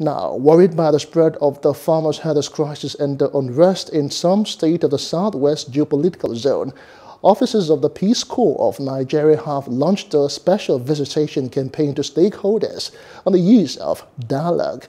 Now, worried by the spread of the farmers' herders crisis and the unrest in some state of the southwest geopolitical zone, officers of the Peace Corps of Nigeria have launched a special visitation campaign to stakeholders on the use of dialogue.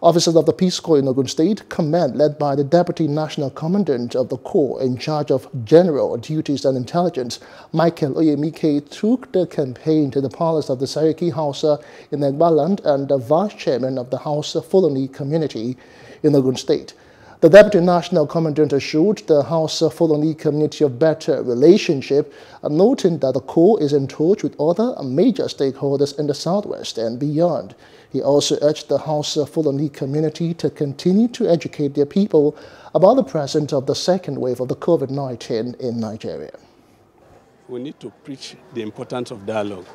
Officers of the Peace Corps in Ogun State Command, led by the Deputy National Commandant of the Corps in charge of general duties and intelligence, Michael Oyemike, took the campaign to the palace of the Sariki Hausa in Egbaland and the Vice Chairman of the Hausa Fulani community in Ogun State. The Deputy National Commandant assured the Hausa Fulani community of better relationship, noting that the Corps is in touch with other major stakeholders in the Southwest and beyond. He also urged the Hausa Fulani community to continue to educate their people about the presence of the second wave of the COVID-19 in Nigeria. We need to preach the importance of dialogue.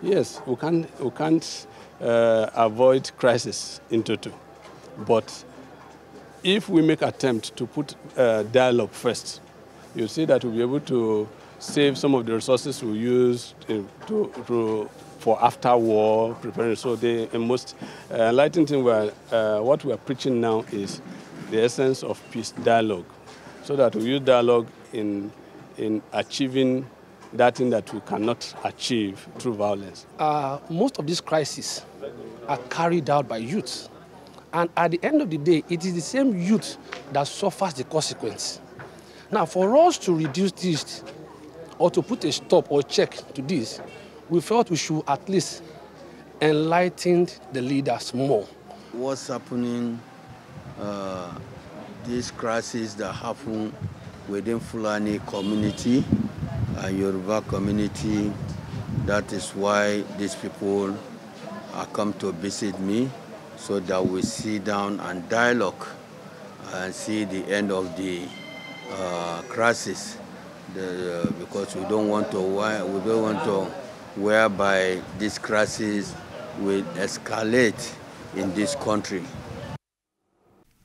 Yes, we, can, we can't uh, avoid crisis in total, but if we make attempt to put uh, dialogue first, you see that we'll be able to save some of the resources we use to, to, for after war preparing. So the most uh, enlightening thing we're, uh, what we are preaching now is the essence of peace dialogue, so that we use dialogue in in achieving that thing that we cannot achieve through violence. Uh, most of these crises are carried out by youth. And at the end of the day, it is the same youth that suffers the consequence. Now, for us to reduce this or to put a stop or check to this, we felt we should at least enlighten the leaders more. What's happening, uh, this crisis that happened within Fulani community and Yoruba community, that is why these people are come to visit me so that we sit down and dialogue and see the end of the uh, crisis the, uh, because we don't want to we don't want to whereby this crisis will escalate in this country.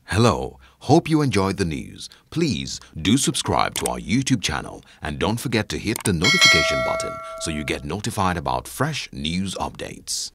Hello, hope you enjoyed the news. Please do subscribe to our YouTube channel and don't forget to hit the notification button so you get notified about fresh news updates.